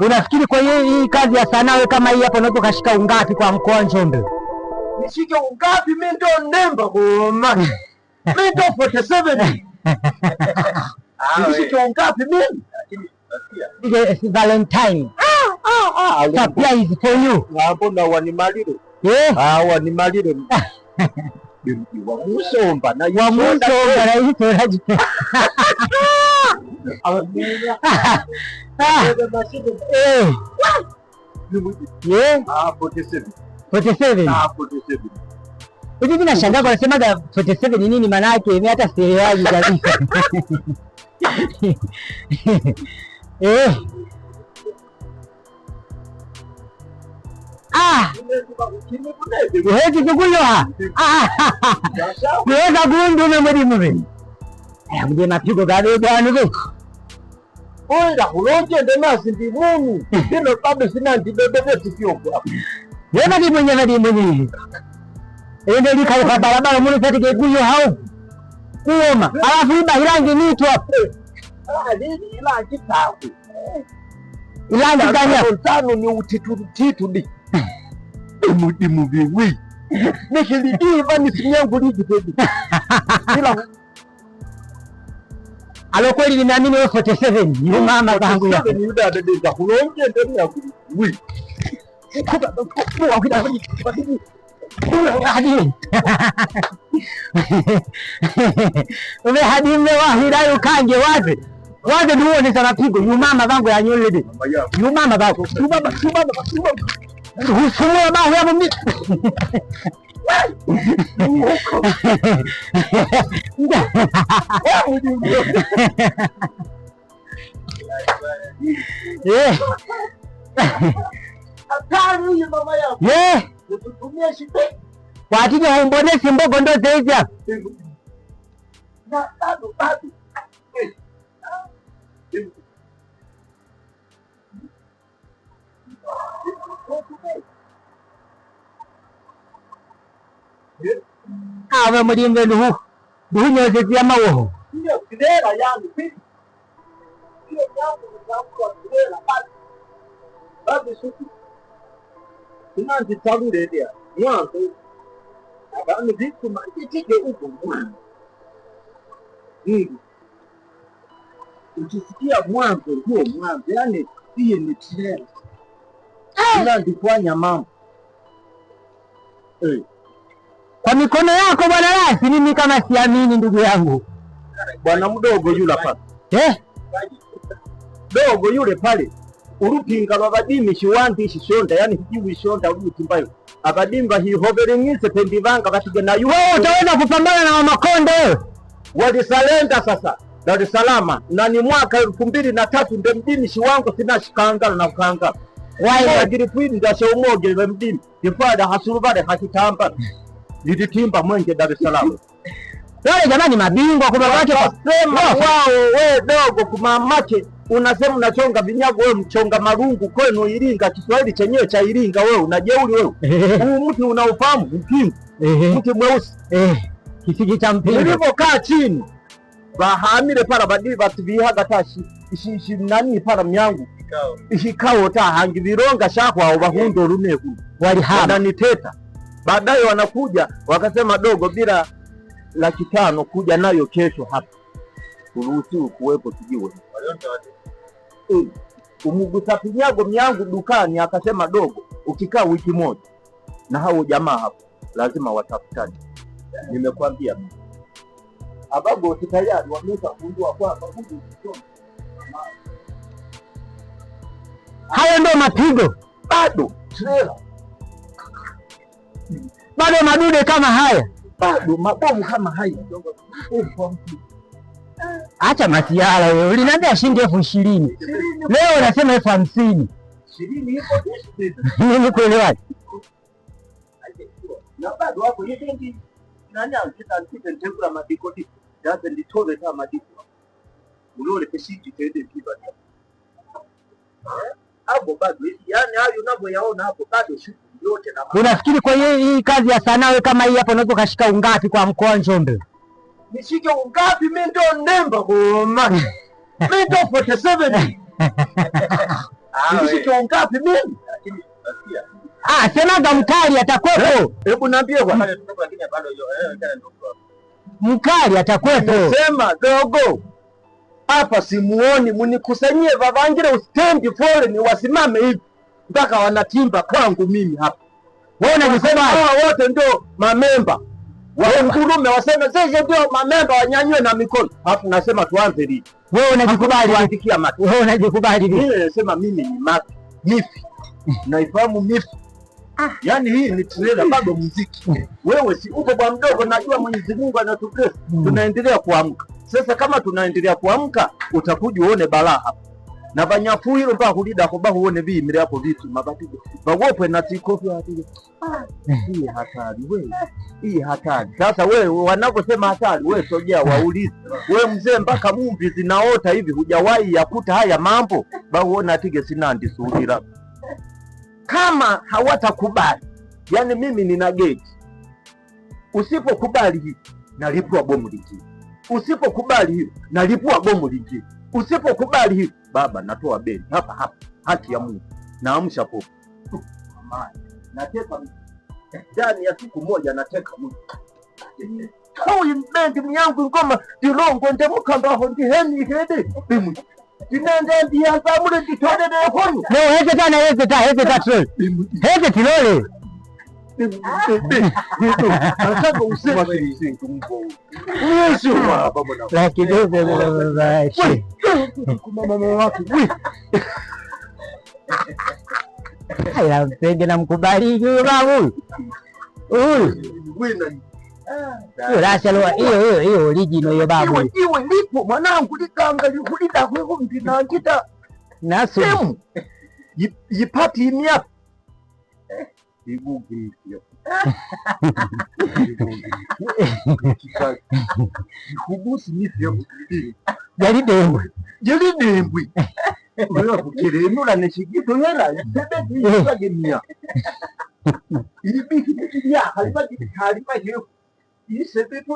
Unafikiri kwa hiyo hii kazi ya sanaa kama hii hapo unaweza ukashika ungapi kwa mkoa Njombe? Nishike ungapi mimi ndo nemba goma. Mimi ndo 47. Ah, Nishike ungapi mimi? Lakini eh, Valentine. Ah, ah, surprise ah. ah, for you. Hapo na wanimaliro. Eh? Ah, wa musomba na yisomba na yisomba. Ah, hivi nashangaa, anasemaga 47 nini maana yake? Mimi hata sielewaji kabisa. Eh. Ah. Mje mapigo kadogo anuku. Oenda kuloje ndemazi ndimuni. Dino babu sina ndidodo vyote vyoko hapo. Yena ni mwenye na dimuni. Ende lika uka barabara munu pete keguyo hau. Kuoma. Alafu iba hilangi nitu hapo. Ah, nini ilangi tawe. Ilangi gani Tano ni utitu ni. Dimu dimu biwi. Nikilidiva ni sinyangu liji pedi. Ila Alokweli ninaamini wewe 47 ni mama bangu ya. Wewe hadi mmewahidai ukange wapi? Waje tuone sana pigo yu mama bangu ya nyole de. Yu mama bangu. Yu mama, yu mama, yu mama. Husumua bangu ya mimi. 예. 예. Kwa ajili ya umbone simbo gondo zeja. Thank you. Kawe mulinge luhu. Luhu nyoze zia mawoho. Ndiyo kidera yangu pili. Ndiyo yangu yangu wa kidera pali. Babi suku. Ina zitabu ledia. Mwanzo. Abami ziku maitike uko mwanzo. Mungu. Ukisikia mwanzo huo mwanzo yani hiyo ni trailer. Ila ndifanya mambo. Eh. kwa mikono yako bwana. Lasi mimi kama siamini, ndugu yangu bwana mdogo yule pale eh, dogo yule pale urupinga babadimi shiwanzi shishonda yani hijiwi shonda urutimbayo abadimi bahihoberengise pendivanga na nayo wewe utaenda kupambana na wamakonde walisalenda sasa Dar es Salaam na ni mwaka elfu mbili na tatu ndio mdimi shiwangu sinashikangala na ukangala waajiri kwini ndasha umogele mdimi ifada hasurubale hakitambala Lilitimba Mwenge, Dar es Salaam. Wale jamani mabingwa kwa mamake wasema wao, wewe dogo kwa unasema unachonga vinyago wewe, mchonga marungu kwenu Iringa. Kiswahili chenyewe cha Iringa wewe unajeuri wewe. Eh. Huu mtu unaofahamu mpingu, eh. Mtu mweusi eh. kisiji cha mpingu. Nilipokaa chini bahamire para badi vihaga tashi ishi nani para myangu ishikao ta hangi vironga shakwa obahundu runeku wali haba teta baadaye wanakuja wakasema, dogo, bila laki tano kuja nayo kesho hapa, turuhusiwe kuwepo tujiwe e, umugusa miangu dukani. Akasema, dogo, ukikaa wiki moja na hao jamaa hapo lazima watafutane. Nimekwambia abago tayari wameweza kwamba haya ndio mapigo bado trela bado madude kama haya, bado mabomu kama haya. Acha masiara wewe, uliniambia shilingi elfu ishirini leo unasema elfu hamsini Mimi kuelewa? Eh? hapo bado, yani hayo unavyoyaona hapo bado shida Unafikiri kwa hii kazi ya sanaa wewe kama hii hapo unaweza ukashika ungapi kwa mkoa Njombe? Nishike ungapi? Mimi ndo Ndemba goma. Mimi ndo 47. Ah, Nishike ungapi mimi? Ah, ga mkali atakwepo. Eh, hebu niambie kwa. hiyo lakini bado kana Mkali atakwepo. Sema dogo. Hapa simuoni, munikusanyie vavangire ustendi fore ni wasimame hivi mpaka wanatimba kwangu mimi hapa. Wewe unajisema hawa wote ndio mamemba wa Ngurume, waseme sisi ndio mamemba, wanyanywe na mikono, alafu nasema tuanze lini? Wewe unajikubali kuandikia mati? Wewe unajikubali vipi? Mimi nasema mimi ni mati mifi, naifahamu mifi ah. Yaani hii ni trailer bado muziki. Wewe si uko bwa mdogo, najua Mwenyezi Mungu anatubless. Mm. Tunaendelea kuamka. Sasa kama tunaendelea kuamka, utakuja uone balaa hapa na banyafuhilo mpaka kulidako bahubone bimilako bitima bati bagopwe na ah, hatari we iye hatari sasa. We wanaposema hatari, we sogea waulize, we mzee, mpaka mumbi zinaota hivi, hujawahi yakuta haya mambo bahuona atige sinandi kama hawatakubali. Yani mimi nina geti, usipokubali hii nalipua bomu lingine, usipokubali hii nalipua bomu lingine Usipokubali hili baba, natoa beli hapa hapa, haki ya Mungu naamsha popo nateka ndani ya siku moja, nateka mtu kauimbendi myangu ingoma ndilongo ndemukambako ndihenihidi bimwe ndinende ndiyazamule nditolerehonu no heze tana heze ta heze ta tre heze tilole 你你你，他公司我以前公布，为什么不不能？来，给你，来来来来，喂，妈妈妈妈，喂。Alam, pwede na mkubali nyo ba, uy. Uy. Wala sa luwa. Iyo, iyo, iyo, original yo ba, uy. Iwe, lipo, manang, kulikanga, kulitakwe kumtinankita. Nasu. Yipati imyap. Его грифер. Hubu sinifia mkiri. Yari dembwe. Yari dembwe. Oya kukiri nula neshigito yara. Sebe kuyuwa gemiya. Ibi kini kini ya halima kini halima yeku. Ini sebe tu